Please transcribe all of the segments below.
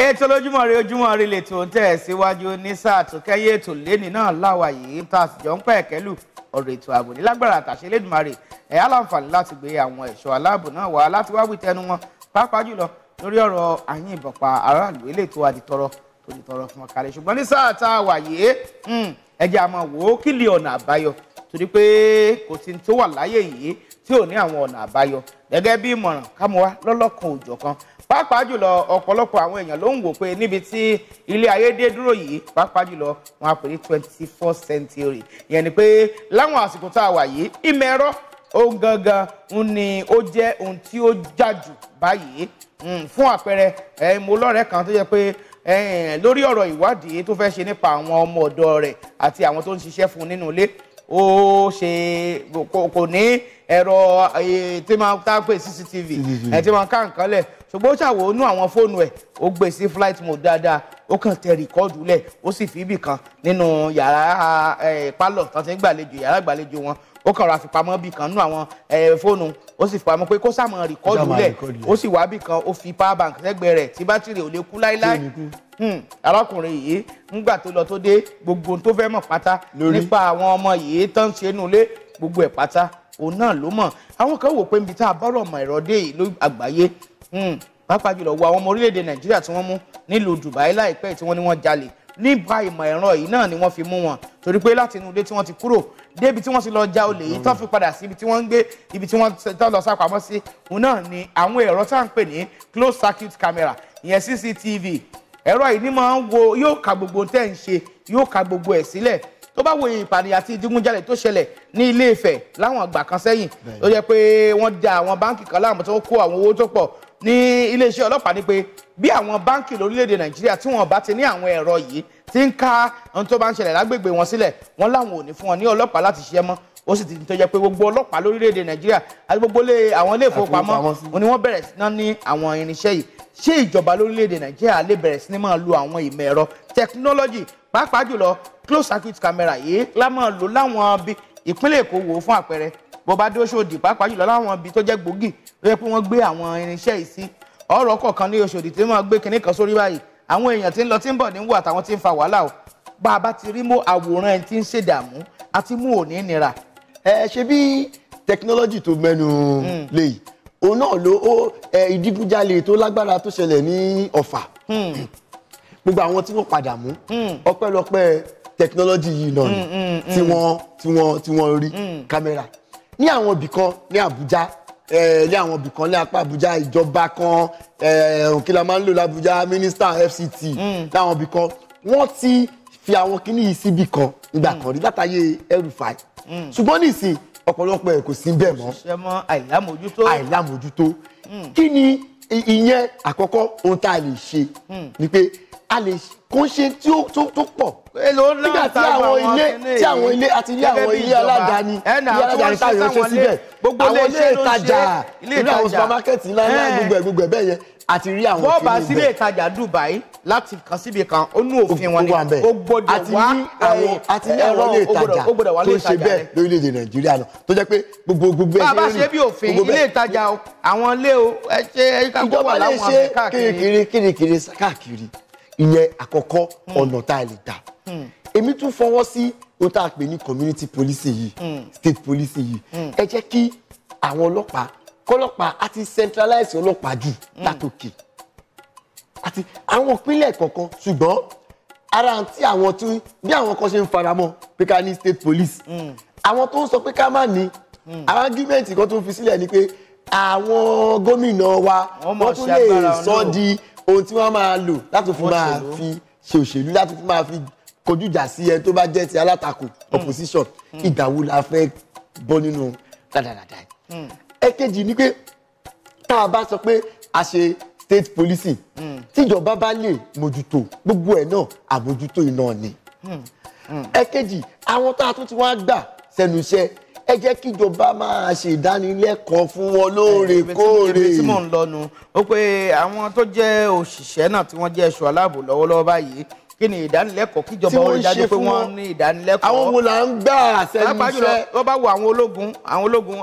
ètò lójúmọ́ ire ojúmọ́ ire lètò ń tẹ̀ síwájú ní sáà tó kẹ́yẹ́ ètò lẹ́nì náà láwa yìí tá a sì jọ ń pẹ̀ kẹ́lù ọ̀rọ̀ ètò ààbò nílágbára àtàṣe lẹ́dùnmarè ẹ̀ á láǹfààní láti gbé àwọn ẹ̀ṣọ́ aláàbò náà wá láti wá wí tẹnu wọn pàápàá jùlọ lórí ọ̀rọ̀ àyín ìbọn pa aráàlú eléètò àdìtọrọ tó dìtọrọ fún ọkàlẹ̀ ṣùgbọ́n ní sáà tá a wà yìí hmm, ẹ jẹ́ wò ó kí ọ̀nà àbáyọ torí pé kò sí tó wà láyé yìí tí ò ní àwọn ọ̀nà àbáyọ gẹ́gẹ́ bí ìmọ̀ràn kámọ́ lọ́lọ́kan òjọ̀kan pàápàá jùlọ ọ̀pọ̀lọpọ̀ àwọn èèyàn ló ń wò pé níbi tí ilé ayé dé dúró yìí pàápàá jùlọ wọn á pè ní twenty first century ìyẹn ni pé láwọn àsìkò tá a wà yìí ìmọ̀ ẹ̀rọ ohun gangan ń ni ó jẹ́ ohun tí ó jà jù báyìí hmm, fún àpẹẹrẹ ẹ̀ mo lọ́rẹ̀ẹ́ kan tó jẹ́ pé lórí ọ̀rọ̀ ìwádìí tó fẹ́ ṣe nípa àwọn ọmọ ọ̀dọ́ rẹ̀ àti àwọn tó ń ṣiṣẹ́ fún nínú ilé ó ṣe kò ní ẹ̀rọ tí máa tá a cctv ẹ̀ tí máa ká nǹkan lẹ̀ ṣùgbọ́n ó ṣàwò inú àwọn fóònù ẹ̀ ó gbé sí flight mode dáadáa ó kàn tẹ rìkọ́ọ̀dù lẹ̀ ó sì fi ibì kan nínú yàrá pálọ̀ tán ti ń gbàlejò yàrá ìgbàlejò wọn ó kàn ra fipamọ́ bì kan nínú àwọn eh, fóònù ó sì fipamọ́ pé kó sàmọ́ rìkọ́dù lẹ̀ ó sì wá bì kan ó fi power bank lẹ́gbẹ̀ẹ́ rẹ̀ tí bátìrì ò lè kú láíláí hmm, arákùnrin yìí ńgbà tó lọ tó dé gbogbo tó fẹ́ mọ̀ pátá nípa àwọn ọmọ yìí tó ń ṣe nulẹ̀ gbogbo ẹ̀ pátá òun náà ló mọ̀ àwọn kan wò pé níbi tá a bọ́rọ̀ mọ̀ ẹ̀rọ dé yìí ló àgbáyé hmm, pàápàá jùlọ wo àwọn ọmọ orílẹ̀-èdè Nàìjíríà tí wọ́n mú nílùú Dubai láìpẹ́ tí wọ́n ní wọ́n jalè nípa ìmọ̀ ẹ̀rọ yìí náà ni wọ́n fi mú wọn torí pé láti inú ilé tí wọ́n ti kúrò débi tí wọ́n ti lọ ja olè yìí tán fi padà sí ibi tí wọ́n ń gbé ibi tí wọ́n ti lọ sápamọ́ sí òun náà ni àwọn ẹ̀rọ tá à ń pè ní closed circuit camera ìyẹn CCTV ẹ̀rọ yìí ni máa ń wo yóò ka gbogbo tẹ́ ń ṣe yóò ka gbogbo ẹ̀ sílẹ̀ tó bá wo ìpàdé àti ìdígunjalè tó ṣẹlẹ̀ ní Ilé-Ifẹ̀ láwọn ìgbà kan sẹ́yìn ó jẹ́ pé wọ́n da àwọn báǹkì kan láàmú tó kó àwọn owó tó pọ̀ ní iléeṣẹ́ ọlọ́pàá ni pé bí àwọn báńkì lórílẹ̀‐èdè nàìjíríà tí wọ́n bá ti ní àwọn ẹ̀rọ yìí ti ń ká ohun tó bá ń ṣẹlẹ̀ lágbègbè wọn sílẹ̀ wọ́n láwọn ò ní fún wọn ní ọlọ́pàá láti ṣiṣẹ́ mọ́ ó sì ti tó jẹ́ pé gbogbo ọlọ́pàá lórílẹ̀‐èdè nàìjíríà àti gbogbo àwọn ilé ìfowópamọ́ ni wọ́n bẹ̀rẹ̀ sí ní àwọn irinṣẹ́ yìí ṣé ìjọba lórílẹ̀‐èdè nàìjíríà lè bẹ̀rẹ̀ sí ní máa lo àwọn ìmọ̀ ẹ̀rọ technology pàápàá jùlọ closed circuit camera yìí la máa lò láwọn ibi ìpínlẹ̀ èkó wò fún àpẹẹrẹ bó bá dúró sódì pàápàá jùlọ láwọn ibi tó jẹ́ gbòógì tó yẹ pé wọ́n gbé àwọn irinṣẹ́ yìí sí ọ̀rọ̀ kọ̀ọ̀kan ní Ọ̀ṣọ́dì tí wọ́n gbé kinní kan sórí báyìí àwọn èèyàn tí ń lọ tí ń bọ̀ ní àtàwọn tí ń fa wàhálà o bá a bá ti rí mú àwòrán ẹni tí ń ṣèdààmú àti mú òní nira. ẹ ṣe bí tẹkinọ́lọ́jì tó mẹ́nu hmm. lè yìí òun náà ló ó ìdígunjalè tó lágbára tó ṣẹlẹ̀ ní Ọ̀fà hmm. gbogbo àwọn tí wọ́n padà mú hmm. ọpẹ́lọpẹ́ tẹkinọ́lọ́jì yìí náà ni tí wọ́n tí wọ́n tí wọ́n rí kámẹ́rà ní àwọn ibì kan ní Àbújá eh, ní àwọn ibì kan ní apá Àbújá ìjọba kan eh, kí la máa ń lò lábújá mínísítà FCT hmm. láwọn ibì kan wọ́n ti fi àwọn kíní yìí síbì kan nígbà kan hmm. rí látàyè El-Rufai hmm. ṣùgbọ́n nísìn ọ̀pọ̀lọpọ̀ ẹ̀ kò sí bẹ́ẹ̀ mọ́ àìlámójútó àìlámójútó kí ni ìyẹn àkọ́kọ́ ohun tá a lè ṣe ni pé a lè kó ṣe tí pọ̀ èlò ńlá nígbà tí àwọn ilé tí àwọn ilé àti ilé àwọn ilé aládàáni ilé aládàáni tá yọ ṣe síbẹ̀ àwọn ilé ìtajà ilé àwọn supermarket ńlá ńlá gbogbo ẹ̀ gbogbo ẹ̀ bẹ́ẹ̀ yẹn àti rí àwọn ìpínlẹ̀ bẹ́ẹ̀. bọ́ọ̀bà sílé ìtajà Dubai láti kan síbi kan ó nú òfin wọn ni ó gbọ́dọ̀ wá àti ní àwọn ilé ìtajà tó ṣe bẹ́ẹ̀ lórílẹ̀‐èdè Nàìjíríà lọ tó jẹ́ pé gbogbo gbogbo ẹ̀ ṣe rí. bá a bá ṣe bí òfin ilé ìtajà àwọn ilé o ẹ ṣe ẹ ká gbọ́ wà láwọn àmì káàkiri. ìjọba lè ṣe kirikiri kirikiri káàkiri ìyẹn àkọ́kọ́ hmm. ọ̀nà tá a lè dà èmi tún fọwọ́ sí ohun tá a pè ní community policy yìí mm. state policy yìí mm. ẹ jẹ́ kí àwọn ọlọ́pàá kọ́lọ́pàá á ti centralize ọlọ́pàá jù mm. látòkè àti àwọn ìpínlẹ̀ kọ̀ọ̀kan ṣùgbọ́n ara àǹtí àwọn tún bí àwọn kan ṣe ń faramọ́ pé ká ní state police àwọn tó ń sọ pé ká má ní àwọn argument kan tó ń fi sílẹ̀ ni pé àwọn gómìnà wa wọ́n tún lè sọ di ohun tí wọ́n máa lò láti fi máa fi ṣe òṣèlú láti fi máa fi kọjú ìjà sí ẹ tó bá jẹ́ ti alátakò hmm. opposition hmm. ìdàwó la fẹ́ bọ́ nínú dáadáa. Hmm. ẹ̀kejì ni pé tá a bá sọ pé a ṣe state policy tíjọba bá lè mójútó gbogbo ẹ̀ náà àmójútó iná ni. ẹ̀kejì àwọn tá a tún ti wá gbà sẹ́nu iṣẹ́ ẹ jẹ́ kíjọba máa ṣe ìdánilẹ́kọ̀ọ́ fún wọn eh, lóòrèkóòrè. ibi tí mò ń lọ nu ó pé àwọn tó jẹ́ òṣìṣẹ́ náà tí wọ́n jẹ́ ẹ̀ṣọ́ aláàbò lọ́wọ́lọ́wọ́ báyìí kí ni ìdánilẹ́kọ̀ọ́ kíjọba orí dájú pé wọ́n ní ìdánilẹ́kọ̀ọ́. àwọn wo la ń gbà sẹ́nu iṣẹ́. wọ́n bá wo àwọn ológun àwọn ológun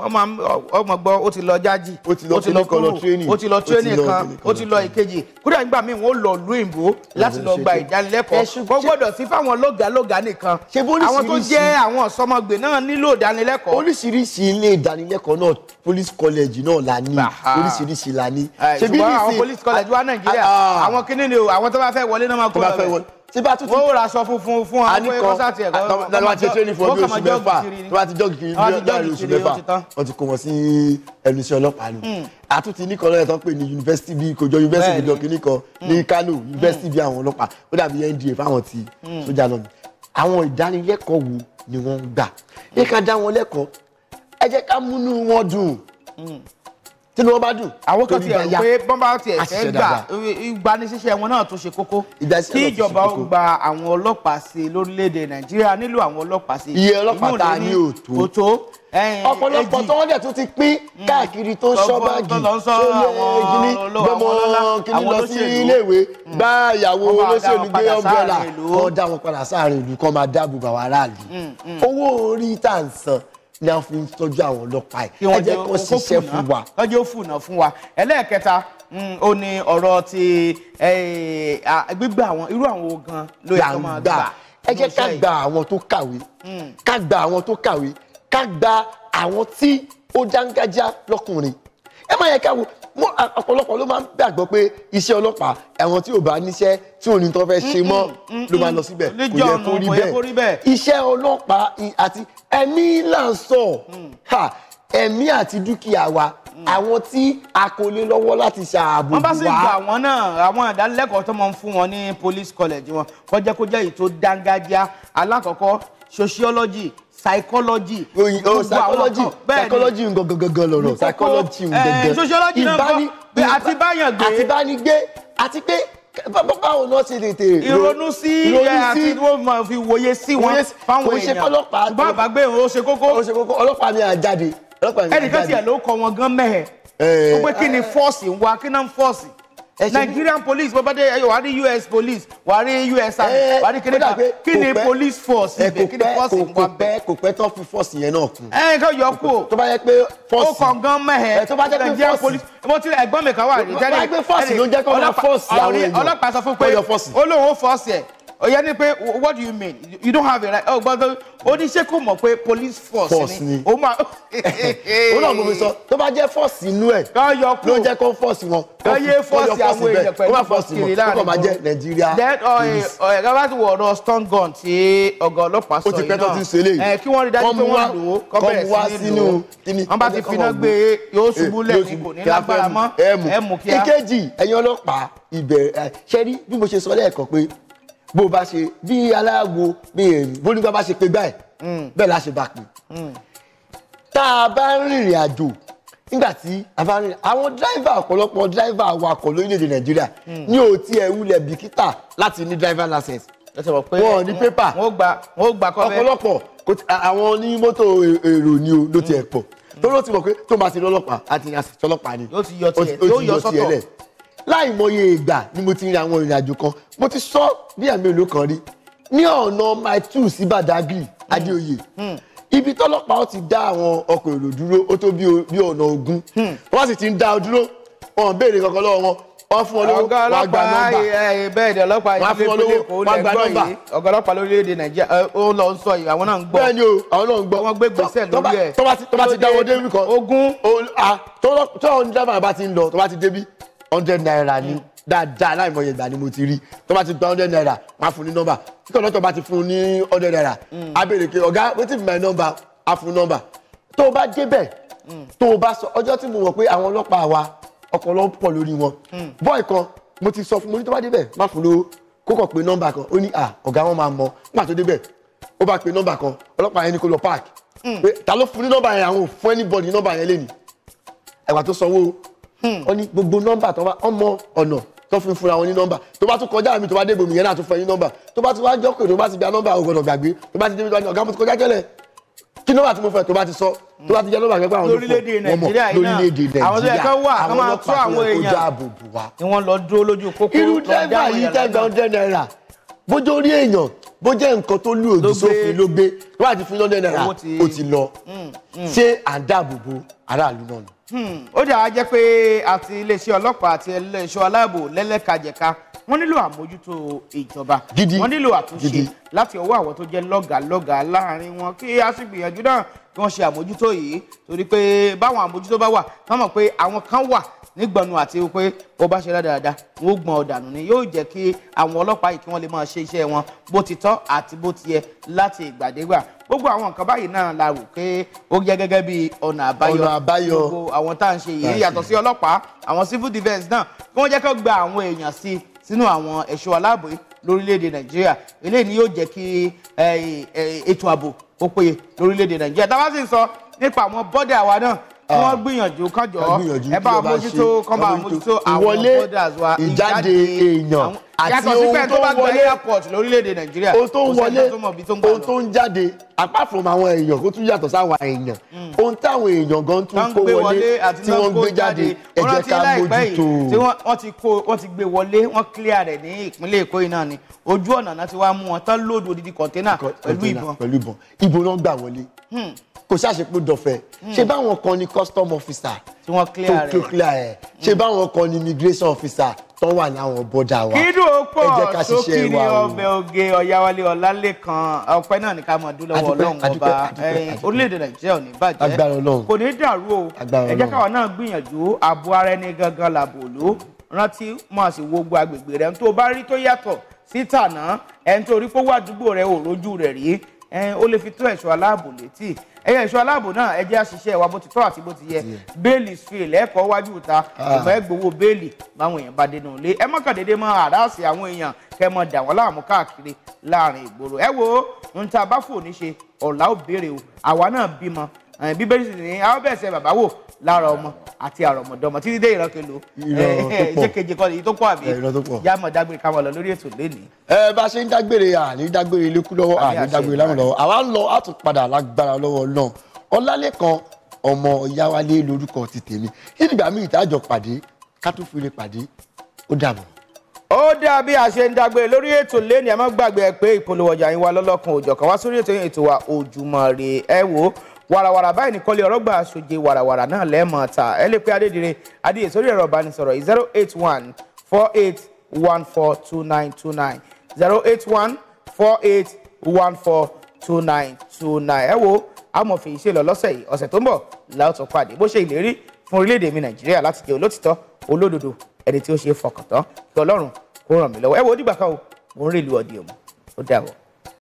ọmọ gbọ́ ó ti lọ jájì ó ti lọ kúrò ó ti lọ tírénì kan ó ti lọ ìkejì kúrò nígbà míì wọ́n lọ lu ìbò láti lọ gba ìdánilẹ́kọ̀ọ́ wọ́n gbọ́dọ̀ sí fáwọn lọ́gàálọ́gàá nìkan àwọn tó jẹ́ àwọn ọ̀sọ́mọgbè náà nílò ìdánilẹ́kọ̀ọ́. oríṣiríṣi ilé ìdánilẹ́kọ̀ọ́ náà police college náà la ní oríṣiríṣi la ní. ṣùgbọ́n àwọn police college tí bá tuntun. wọ́n ra aṣọ funfun fún wa wọ́n kọ́ sáà tiẹ̀ kọ́. lọ́wọ́ ti ṣe ní fún ọdún oṣù mẹ́fà tó bá ti jọ́ọ̀gì kiri lọ́ọ̀rì oṣù mẹ́fà o ti kó wọn sí ẹnu iṣẹ́ ọlọ́pàá ni. àtúntì hmm. ní kan lọ́yẹ̀ tó ń pè ní yunifásitì bíi kòjọ yunifásitì bíi ọkìnrin kan ní hmm. Kano hmm. yunifásitì bíi àwọn ọlọ́pàá ó dàbí NDA fáwọn ti sójà lọ ni. àwọn ìdánilẹ́kọ̀ọ́ wo ni wọ́n ń gbà ẹ ká dá wọn lẹ́kọ̀ọ́ ẹ jẹ́ ká múnú wọn tínú wọn bá dùn. àwọn kan ti ẹ̀ pé bọ́n bá tiẹ̀ fẹ́ gbà ìgbanisíṣẹ́ wọn náà tún ṣe kókó kí ìjọba ó gba àwọn ọlọ́pàá sí lórílẹ̀‐èdè nàìjíríà nílò àwọn ọlọ́pàá sí iye ọlọ́pàá ta ni ò tó ọ̀pọ̀lọpọ̀ tí wọ́n dẹ̀ tún ti pín mm. káàkiri tó ṣọ́bàgì tó lé kíní gbọmọ kíní lọ sí iléèwé mm. bá ìyàwó olóṣèlú gbé ọgbẹ́là kọ́ dá wọn padà sáàrin ìlú kọ́ máa dáàbò bàwárà lè mm, owó orí tà ń san ni a fi ń tọ́jú àwọn ọlọ́pàá yìí ẹ jẹ́ kó ṣiṣẹ́ fún wa. lọ́jọ́ ó fùnà fún wa ẹlẹ́ẹ̀kẹta mm, ó ní ọ̀rọ̀ ti gbígbà àwọn irú àwọn ogan ló yẹ kó máa gbà. ẹ jẹ́ ká gba àwọn tó kàwé mm. ká gba àwọn tó kàwé ká gba àwọn tí ó dángájá lọ́kùnrin ẹ máa yẹ ká wo ọ̀pọ̀lọpọ̀ ló máa ń gbàgbọ́ pé iṣẹ́ ọlọ́pàá àwọn tí ò bá níṣẹ́ tí òní tó fẹ́ ṣe mọ́ ló máa lọ síbẹ̀ kò yẹ kó rí bẹ́ẹ̀ iṣẹ́ ọlọ́pàá àti ẹ̀mí là ń sọ mm. ẹ̀mí àti dúkìá wa mm. àwọn tí a kò lè lọ́wọ́ láti ṣààbò wá. wọ́n bá sì gbà wọ́n náà àwọn ìdánilẹ́kọ̀ọ́ tó máa ń fún wọn ní police college wọn kọjá kó jẹ́ èyí tó dángájá alákọ̀ọ́kọ́ sociology psychology. Oh, o psychology psychology ń gangan lọ́rọ̀ psychology ń gangan. sociology náà kọ́ pé àti báyàn gbé. àti báyàn gbé àti pé báwo ni wọ́n ṣe lè tèrè. ìrònú sí àti wọ́n máa fi wòye sí wọn fáwọn èèyàn. kò ṣe kọ́lọ́pàá. bá bàbá gbé o ṣe kókó. o ṣe kókó ọlọ́pàá ni àjáde. ẹnìkan tiẹ̀ ló kọ wọn gan mẹ́hẹ̀. ó pé kí ni fọ́ọ̀sì ń wá kí náà ń fọ́ọ̀sì. Nigerian police bó bá dé ẹyọ US police wari rí US army wàá rí kéde kan kí police force ibẹ̀ kí ni force nǹkan bẹ́ẹ̀. kò pẹ́ tó fi force yẹn náà kù. ẹ nǹkan yọ kú o tó bá yẹ force ó kàn gan mẹ́hẹ̀ tó bá jẹ́ pé Nigerian police mo ti ẹ̀gbọ́n mi kan force yẹ ọ̀yá ni pé what do you mean you don't have a right ọ̀ gbọ́dọ̀ oníṣẹ́ kò mọ̀ pé police force ni. force ni ó máa. ó náà mo fi sọ tó bá jẹ́ force inú ẹ̀ ló jẹ́ kó force wọn kó yé force àwọn èèyàn pẹ̀lú force kiri láàrin wọn kó máa jẹ́ Nigeria oh, eh, police. ọ̀yẹ̀ká bá ti wọ̀ ọ̀rọ̀ stun gun tí ọ̀gá ọlọ́pàá sọ yìí náà eh, kí wọ́n rí dájú pé wọ́n lò ó kọ́ bẹ̀rẹ̀ sí ní lò ó wọ́n bá ti finá gbé yóò ṣubú eh, lẹ́yìn kò ní lágbára mọ́ ẹ̀ mú kíá. ìkejì ẹ̀yin ọlọ́pàá ìbẹ̀rẹ̀ ṣẹ́rí bí mo ṣe sọ lẹ́ẹ̀kan pé bó o bá ṣe bí aláwo bí bólúgbà bá ṣe pé báyìí mm. bẹ́ẹ̀ la ṣe bá pè mm. tá a bá ń rìnrìn àjò nígbà tí a bá ń rìn àwọn dráìvà ọ̀pọ̀lọpọ̀ dráìvà awakọ̀ lórílẹ̀‐èdè nàìjíríà mm. ní òtí ẹ̀ wulẹ̀ bìkítà láti ní driver license wọn ò ní pépà ọ̀pọ̀lọpọ̀ àwọn ní mọ́tò èrò ni o ló ti ẹ̀ pọ̀ tó ló ti mọ̀ pé tó máa ti lọ́lọ́pàá àti àṣìṣọ́lọ́pàá ni ó ti yọ tiẹ̀ lẹ̀ láìmọye ìgbà ni mo ti rin àwọn ìrìn àjò kan mo ti sọ ní àmì èlò kan rí ní ọ̀nà mile two sí Badagry Adéoyè ibi tọ́lọ́pàá ti dá àwọn ọkọ̀ èrò dúró ó tó bí ọ̀nà ogún wọ́n sì ti ń dá ọ dúró wọn béèrè kankan lọ́wọ́ wọn wọ́n fún ọ lówó wọ́n gba nọ́mbà bẹ́ẹ̀ ni ọlọ́pàá ìdílé pélé kò lè gbọ́ yìí ọ̀gá ọlọ́pàá lórílẹ̀‐èdè Nàìjíríà ó lọ ń sọ yìí àwọn náà ń gbọ́ bẹ́ẹ̀ ni o àwọn náà ń gbọ́ wọ́n gbé gbèsè lórí ẹ̀ tó bá ti dáwọ́ débi kan ogún tó ń dábàá bá ti ń lọ tó bá ti débi hundred naira ni dáadáa láìmọye ìgbà ni mo ti rí tó bá ti gba hundred naira máa fún ní nọ́mbà tí kọ̀ọ̀lọ́tọ̀ bá ti fún ní hundred naira á mm. béèrè pé ọ̀gá wetin be my number á fún nọ́mbà tó o bá débẹ̀ mm. tó o bá sọ ọjọ́ tí mo mọ̀ pé àwọn ọlọ́pàá wa ọkọ̀ ló ń pọ̀ lórí wọn mm. bọ́ọ̀ kan mo ti sọ fún mo ní tó bá débẹ̀ má fún lówó kókò pé nọ́mbà kan ó ní à ọ̀gá wọn máa mọ nígbà tó débẹ̀ ó bá pe nọ́mbà kan ọlọ́pàá yẹn ní kó lọ park ta ló fún ní nọ́mbà yẹn àwọn ò fún anybody nọ́mbà yẹn lẹ́nu ẹ̀wà tó sanwó Hmm. ó ní gbogbo nọ́mbà tó bá ọmọ ọ̀nà tó fi fúnra wọn ní nọ́mbà tó bá tún kọjá mi tó bá dé ibòmí yẹn náà tún fún ẹ ní nọ́mbà tó bá tún wá jọ́ pé tó bá ti gba nọ́mbà ògbọ́dọ̀ gbàgbé tó bá ti débi tó bá ní ọ̀gá mo ti kọjá tẹ́lẹ̀ kí nọ́mbà tí mo fẹ́ tó bá ti sọ tó bá ti jẹ́ nọ́mbà kẹ́kọ̀ọ́ àwọn olórílẹ̀-èdè Nàìjíríà yìí náà àwọn tó yẹ kán wà kán máa tó àwọn èèyàn ni wọ́n lọ dúró lójú kókó irú dẹ́gbà yìí tẹ́gbà hundred naira bójú orí èèyàn bó jẹ́ nǹkan tó lù ògì sófin ló gbé wáá ti fún hundred naira ó ti lọ hmm, hmm. ṣé à ń dáàbò bo aráàlú náà ni. Hmm. ó dàá jẹ́ pé àti iléeṣẹ́ ọlọ́pàá àti ẹlẹ́ṣọ́ aláàbò lẹ́lẹ́kajẹ̀ka wọ́n nílò àmójútó ìjọba wọ́n nílò àtúnṣe láti ọwọ́ àwọn tó jẹ́ lọ́gàálọ́gàá láàrin wọn kí a sì gbìyànjú náà kí wọ́n ṣe àmójútó yìí torí pé báwọn àmójútó bá wà wọ́n mọ̀ pé àwọn kan wà nígbọ̀nù àti pé ó bá ṣe dáadáa wọ́n gbọ̀n ọ̀dànù ni yóò jẹ́ kí àwọn ọlọ́pàá yìí kí wọ́n lè máa ṣe iṣẹ́ wọn bó ti tọ́ àti bó ti yẹ láti ìgbàdégbà gbogbo àwọn nǹkan báyìí náà la rò pé ó jẹ́ gẹ́gẹ́ bí ọ̀nà àbáyọ gbogbo àwọn tá à ń ṣe yìí yàtọ̀ sí ọlọ́pàá àwọn civil defence náà kí wọ́n jẹ́ kó gba àwọn èèyàn sí sínú àwọn ẹ̀ṣọ́ aláàbò lórílẹ̀‐èdè nàìjíríà eléyìí ni yóò jẹ́ kí ètò ààbò ó péye lórílẹ̀‐èdè nàìjíríà táwa sì ń sọ nípa àwọn bọ́dẹ̀ àwa náà kí wọ́n ah. gbìyànjú kánjọ ẹ bá mójútó kán bá mójútó àwọn borders wa ìjáde èèyàn àti ohun tó ń wọlé airport lórílẹ̀‐èdè nàìjíríà ohun tó ń wọlé ohun tó ń jáde apart from àwọn èèyàn kó tún yàtọ̀ sáwọn èèyàn hmm. ohun táwọn èèyàn gan tún kó wọlé tí wọ́n gbé jáde ẹ jẹ́ ká mójútó. tí wọ́n ti kó wọ́n ti gbé wọlé wọ́n clear rẹ̀ ní ìpínlẹ̀ èkó yìí náà ni ojú ọ̀nà náà ti wá mú wọn tán lóòdù odidi kọ̀ńténà pẹ̀lú ìbọn. pẹ̀lú ìbọn ìbọn náà gbà wọlé hmm kò ṣàṣepò dọ̀fẹ́ hmm. ṣe báwọn kan ni custom officer tí clear rẹ̀ tó clear ẹ̀ hmm. ṣe báwọn kan ni immigration officer tó wà láwọn bọ́dà wa kí ló pọ̀ ni ọbẹ̀ oge ọ̀yáwálé ọ̀làlẹ́kan ọpẹ́ náà ni ká mọ̀ dúró lọ́wọ́ ọlọ́run ọba orílẹ̀-èdè nàìjíríà ò ní bàjẹ́ kò ní dàrú o ẹ jẹ́ káwa náà gbìyànjú ààbò ara ẹni gangan làbò ló rántí máa sì wo gbogbo agbègbè rẹ̀ tó bá rí tó yàtọ̀ sí tànà ẹni tó rí fowó àdúgbò rẹ̀ òrojú rẹ̀ rí ó lè fi tó ẹ̀ṣọ́ aláàbò létí ẹ̀yẹ ẹ̀ṣọ́ aláàbò náà ẹ àṣìṣe wa bó ti tọ́ àti bó ti yẹ bẹ́ẹ̀lì sfil ẹ̀kọ́ wájú ta ìfẹ́ ah. gbowó bẹ́ẹ̀lì báwọn èèyàn bá dénú ilé ẹ mọ́kàn dédé mọ́ àdáàsì àwọn èèyàn kẹ́ mọ́ dà wọ́n láàmú káàkiri láàrin ìgboro ẹ wo ń ta bá fò ní ṣe ọ̀la ó béèrè o àwa náà bímọ Eh, bíbélì sì ní àwọn bẹ̀rẹ̀ sẹ́ bàbá wò lára ọmọ àti àrọ̀mọ̀dọ́mọ títí dé ìran kelo ìṣèkejì kan èyí tó eh, pọ̀ àbí yàmọ̀ dágbére káwọn lọ lórí ètò lẹ́nìí. ẹ eh, bá a ṣe ń dágbére àní dágbére ilékú lọ́wọ́ àní dágbére láwọn lọ́wọ́ àwa ń lọ àtúnpadà lágbára lọ́wọ́ náà ọlálẹ́kan ọmọ yáwálé lórúkọ ti tèmi nígbà míì ìtajọ pàdé kátúfìlẹ pàdé ó dàbọ̀ ó dà bí ń dágbére lórí ètò lẹ́ni ẹ má gbàgbé pé ìpolówó ọjà yín wa lọ́lọ́kan òjọ̀kan wá sórí ètò yín ètò wa Ojúmọ́ Ire ẹ wò wàràwàrà báyìí ni kọ́lé ọ̀rọ̀gbà aṣoje wàràwàrà náà lẹ́ẹ̀mọ́ ta ẹ lè pe adédire adéyè sórí ẹ̀rọ ìbánisọ̀rọ̀ zero eight one four eight one four two nine two nine zero eight one four eight one four two nine two nine ẹ wo amòfin ìṣe lọ lọ́sẹ̀ yìí ọ̀sẹ̀ tó ń bọ̀ láòtún pàdé bó ṣe ìlérí fún orílẹ̀-èdè mi nàìjíríà láti jẹ́ olótìtọ́ olódodo ẹni tí ó ṣe fọkàn tán kí ọlọ́run kó ràn mí lọ́wọ́ ẹ wo dìgbà kan o mo ń rèlú ọdí òmù ó dà wọ́.